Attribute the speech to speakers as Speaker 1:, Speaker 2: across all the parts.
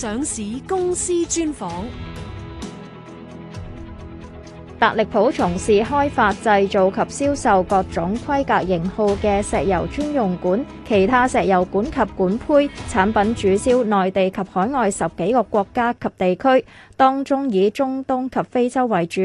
Speaker 1: 上市公司專訪。達力普從事開發、製造及銷售各種規格型號嘅石油專用管、其他石油管及管胚產品，主銷內地及海外十幾個國家及地區。當中以中東及非洲為主，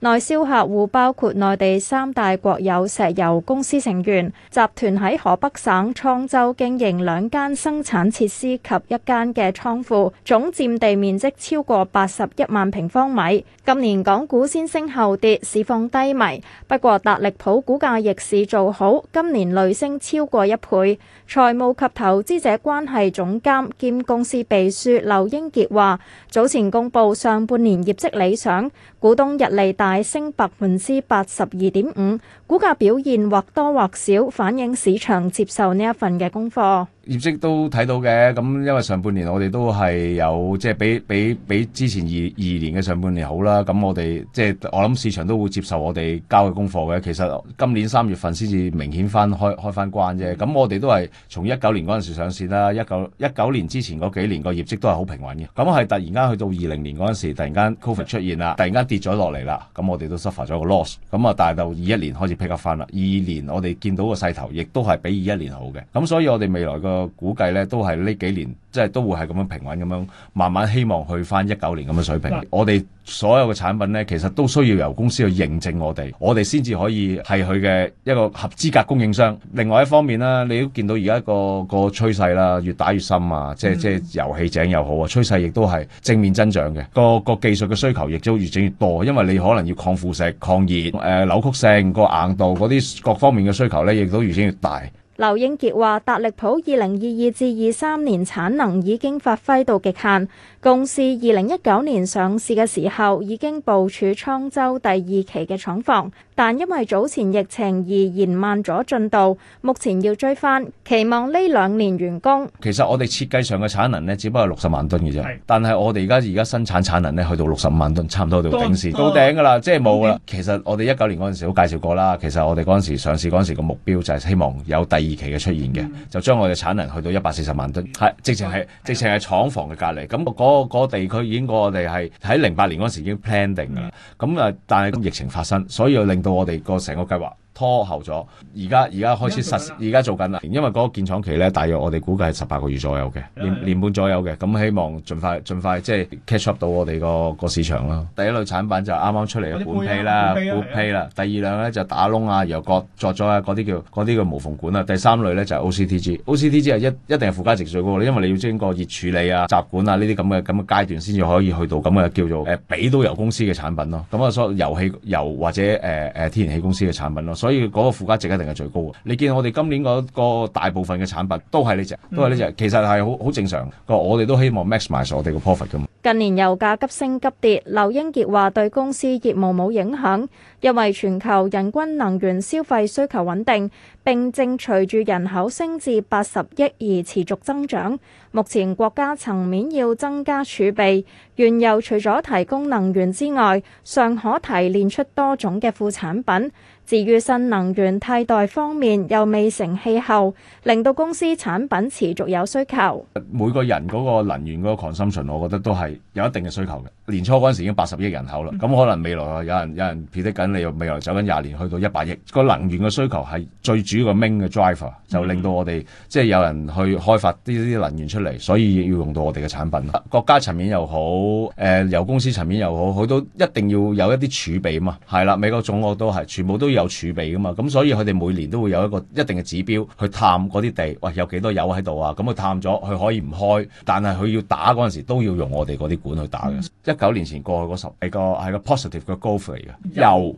Speaker 1: 內銷客戶包括內地三大國有石油公司成員，集團喺河北省滄州經營兩間生產設施及一間嘅倉庫，總佔地面積超過八十一萬平方米。今年港股先升後跌，市況低迷，不過達力普股價逆市做好，今年累升超過一倍。財務及投資者關係總監兼公司秘書劉英傑話：早前公布。上半年業績理想，股東日利大升百分之八十二點五，股價表現或多或少反映市場接受呢一份嘅功課。
Speaker 2: 業績都睇到嘅，咁因為上半年我哋都係有，即係比比比之前二二年嘅上半年好啦。咁我哋即係我諗市場都會接受我哋交嘅功課嘅。其實今年三月份先至明顯翻開開翻關啫。咁我哋都係從一九年嗰陣時上市啦，一九一九年之前嗰幾年個業績都係好平穩嘅。咁係突然間去到二零年嗰陣時，突然間 COVID 出現啦，突然間跌咗落嚟啦。咁我哋都 suffer 咗個 loss。咁啊，但係到二一年開始 pick up 翻啦。二二年我哋見到個勢頭，亦都係比二一年好嘅。咁所以我哋未來個我估計呢都係呢幾年，即係都會係咁樣平穩咁樣，慢慢希望去返一九年咁嘅水平。但我哋所有嘅產品呢，其實都需要由公司去認證我哋，我哋先至可以係佢嘅一個合資格供應商。另外一方面呢，你都見到而家個個趨勢啦，越打越深啊，即係即係油氣井又好啊，趨勢亦都係正面增長嘅。個個技術嘅需求亦都越整越多，因為你可能要抗腐蝕、抗熱、誒、呃、扭曲性、個硬度嗰啲各方面嘅需求呢，亦都越整越大。
Speaker 1: 劉英傑話：達力普二零二二至二三年產能已經發揮到極限。公司二零一九年上市嘅時候，已經部署滄州第二期嘅廠房，但因為早前疫情而延慢咗進度，目前要追翻，期望呢兩年完工。
Speaker 2: 其實我哋設計上嘅產能呢，只不過六十萬噸嘅啫，但係我哋而家而家生產產能呢，去到六十五萬噸，差唔多到頂線，到頂噶啦，即係冇啦。其實我哋一九年嗰陣時都介紹過啦，其實我哋嗰陣時上市嗰陣時個目標就係希望有第。二期嘅出現嘅，就將我哋產能去到一百四十萬噸，係直情係直情係廠房嘅隔離，咁嗰個嗰個地區已經過我哋係喺零八年嗰時已經 plan 定噶啦。咁啊，但係疫情發生，所以又令到我哋個成個計劃。拖後咗，而家而家開始實，而家做緊啦。因為嗰個建廠期咧，大約我哋估計係十八個月左右嘅，年的年半左右嘅。咁希望盡快盡快即係 catch up 到我哋個個市場啦。第一類產品就啱啱出嚟嘅管坯啦，管坯、啊啊、啦。的第二類咧就是、打窿啊，又割作咗啊，嗰啲叫嗰啲嘅無縫管啦、啊。第三類咧就係、是、OCTG，OCTG 係一一定係附加值最高嘅喎，因為你要經過熱處理啊、集管啊呢啲咁嘅咁嘅階段先至可以去到咁嘅叫做誒俾到油公司嘅產品咯。咁啊，所油氣油或者誒誒、呃、天然氣公司嘅產品咯。所以嗰個附加值一定係最高嘅。你見我哋今年嗰個大部分嘅產品都係呢隻，都係呢隻。其實係好好正常。個我哋都希望 max 埋咗我哋個 profit 嘅嘛。
Speaker 1: 近年油價急升急跌，劉英傑話對公司業務冇影響。因為全球人均能源消費需求穩定，並正隨住人口升至八十億而持續增長。目前國家層面要增加儲備，原油除咗提供能源之外，尚可提煉出多種嘅副產品。至於新能源替代方面，又未成氣候，令到公司產品持續有需求。
Speaker 2: 每個人嗰個能源嗰個 consumption，我覺得都係有一定嘅需求嘅。年初嗰陣時已經八十億人口啦，咁、mm hmm. 可能未來有人有人 predict 緊。你未來走緊廿年去到一百億，個能源嘅需求係最主要個 main 嘅 driver，就令到我哋即係有人去開發啲啲能源出嚟，所以要用到我哋嘅產品。國家層面又好，誒、呃、由公司層面又好，佢都一定要有一啲儲備嘛。係啦，美國總國都係全部都要有儲備噶嘛。咁、嗯、所以佢哋每年都會有一個一定嘅指標去探嗰啲地，喂、哎、有幾多油喺度啊？咁、嗯、佢探咗，佢可以唔開，但係佢要打嗰陣時都要用我哋嗰啲管去打嘅。一九、嗯、年前過去嗰十係個係個 positive 嘅 growth 嚟嘅油。又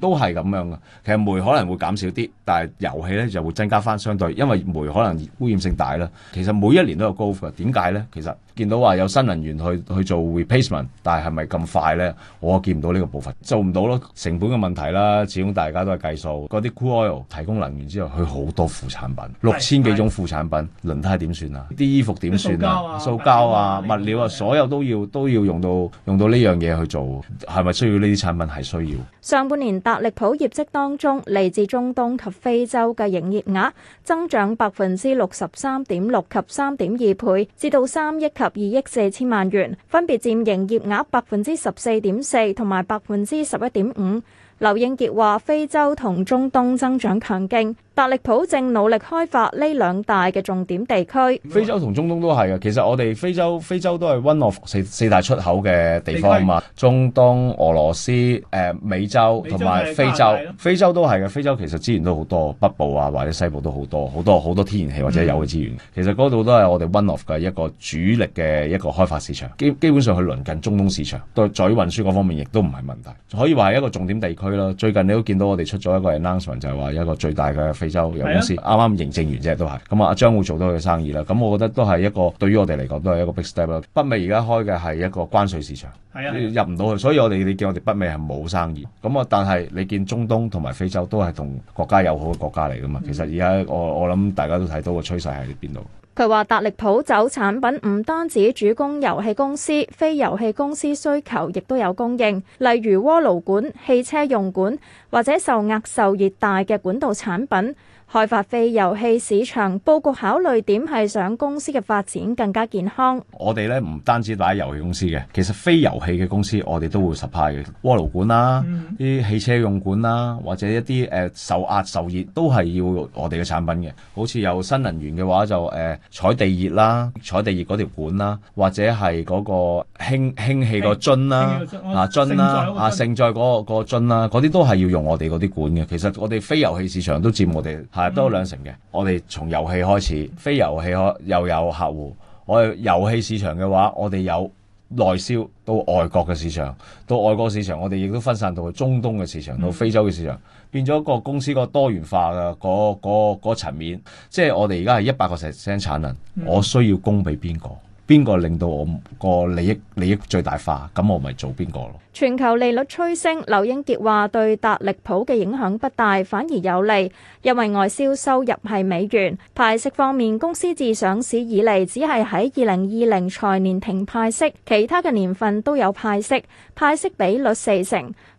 Speaker 2: 都係咁樣嘅，其實煤可能會減少啲，但係油氣呢就會增加翻相對，因為煤可能污染性大啦。其實每一年都有高嘅，點解呢？其實見到話有新能源去去做 replacement，但係係咪咁快呢？我見唔到呢個部分，做唔到咯，成本嘅問題啦，始終大家都係計數。嗰啲 coal 提供能源之後，佢好多副產品，六千幾種副產品，輪胎點算啊？啲衣服點算啊？塑膠啊、物料啊，啊啊所有都要都要用到用到呢樣嘢去做，係咪需要呢啲產品係需要？需
Speaker 1: 要上半年。達力普業績當中，嚟自中東及非洲嘅營業額增長百分之六十三點六及三點二倍，至到三億及二億四千萬元，分別佔營業額百分之十四點四同埋百分之十一點五。劉英傑話：非洲同中東增長強勁。達力普正努力開發呢兩大嘅重點地區，
Speaker 2: 非洲同中東都係啊，其實我哋非洲非洲都係 One of 四四大出口嘅地方啊嘛。中東、俄羅斯、誒、呃、美洲同埋非洲，非洲都係嘅。非洲其實資源都好多，北部啊或者西部都好多好多好多天然氣或者油嘅資源。嗯、其實嗰度都係我哋 One of 嘅一個主力嘅一個開發市場。基基本上去鄰近中東市場，在在運輸嗰方面亦都唔係問題，可以話係一個重點地區啦。最近你都見到我哋出咗一個 announcement，就係話一個最大嘅。非洲有公司啱啱認證完啫，都係咁啊，將會做到佢嘅生意啦。咁我覺得都係一個對於我哋嚟講都係一個 big step 啦。北美而家開嘅係一個關稅市場，你入唔到去，所以我哋你見我哋北美係冇生意。咁啊，但係你見中東同埋非洲都係同國家友好嘅國家嚟㗎嘛？其實而家我我諗大家都睇到個趨勢喺邊度？
Speaker 1: 佢話達力普酒產品唔單止主攻油氣公司，非油氣公司需求亦都有供應，例如鍋爐管、汽車用管或者受壓受熱大嘅管道產品。開發非油氣市場，布局考慮點係想公司嘅發展更加健康。
Speaker 2: 我哋咧唔單止打油氣公司嘅，其實非油氣嘅公司我哋都會實派嘅鍋爐管啦，啲汽車用管啦，或者一啲誒受壓受熱都係要用我哋嘅產品嘅。好似有新能源嘅話就誒採地熱啦，採地熱嗰條管啦，或者係嗰個氫氫氣個樽啦，啊樽啦，啊盛載嗰個個樽啦，嗰啲都係要用我哋嗰啲管嘅。其實我哋非油氣市場都佔我哋。係多兩成嘅，我哋從遊戲開始，非遊戲又有客戶。我哋遊戲市場嘅話，我哋有內銷到外國嘅市場，到外國市場我哋亦都分散到去中東嘅市場，到非洲嘅市場，變咗個公司個多元化嘅嗰個嗰個層面。即係我哋而家係一百個 percent 產能，我需要供俾邊個？邊個令到我個利益利益最大化？咁我咪做邊個咯？
Speaker 1: 全球利率趨升，劉英傑話對達力普嘅影響不大，反而有利，因為外銷收入係美元。派息方面，公司自上市以嚟只係喺二零二零財年停派息，其他嘅年份都有派息，派息比率四成。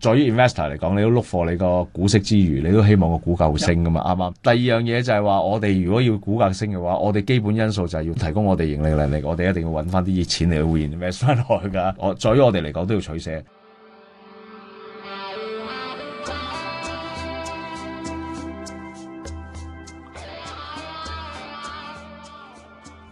Speaker 2: 在於 investor 嚟講，你都 look 貨你個股息之餘，你都希望個股價會升噶嘛，啱啱？第二樣嘢就係話，我哋如果要股價升嘅話，我哋基本因素就係要提供我哋盈利能力，我哋一定要揾翻啲錢嚟 w i invest 翻落去 噶。我，在於我哋嚟講都要取捨。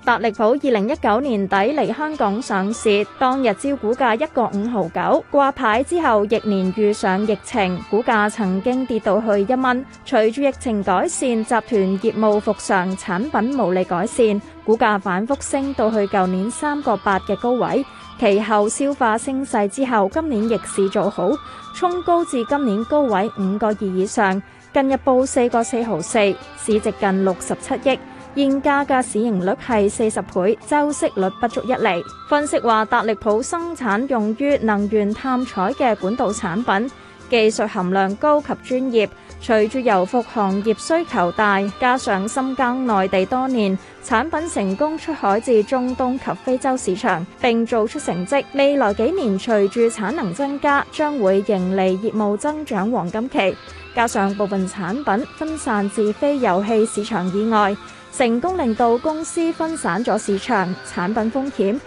Speaker 1: 達力普二零一九年底嚟香港上市，當日招股價一個五毫九，掛牌之後翌年遇上疫情，股價曾經跌到去一蚊。隨住疫情改善，集團業務復常，產品毛利改善，股價反覆升到去舊年三個八嘅高位。其後消化升勢之後，今年逆市做好，衝高至今年高位五個二以上，近日報四個四毫四，市值近六十七億。現價格市盈率係四十倍，周息率，率不足一厘。分析話，達力普生產用於能源探採嘅管道產品，技術含量高及專業。隨住油服行業需求大，加上深耕內地多年，產品成功出海至中東及非洲市場，並做出成績。未來幾年隨住產能增加，將會迎嚟業務增長黃金期。加上部分產品分散至非油氣市場以外，成功令到公司分散咗市場產品風險。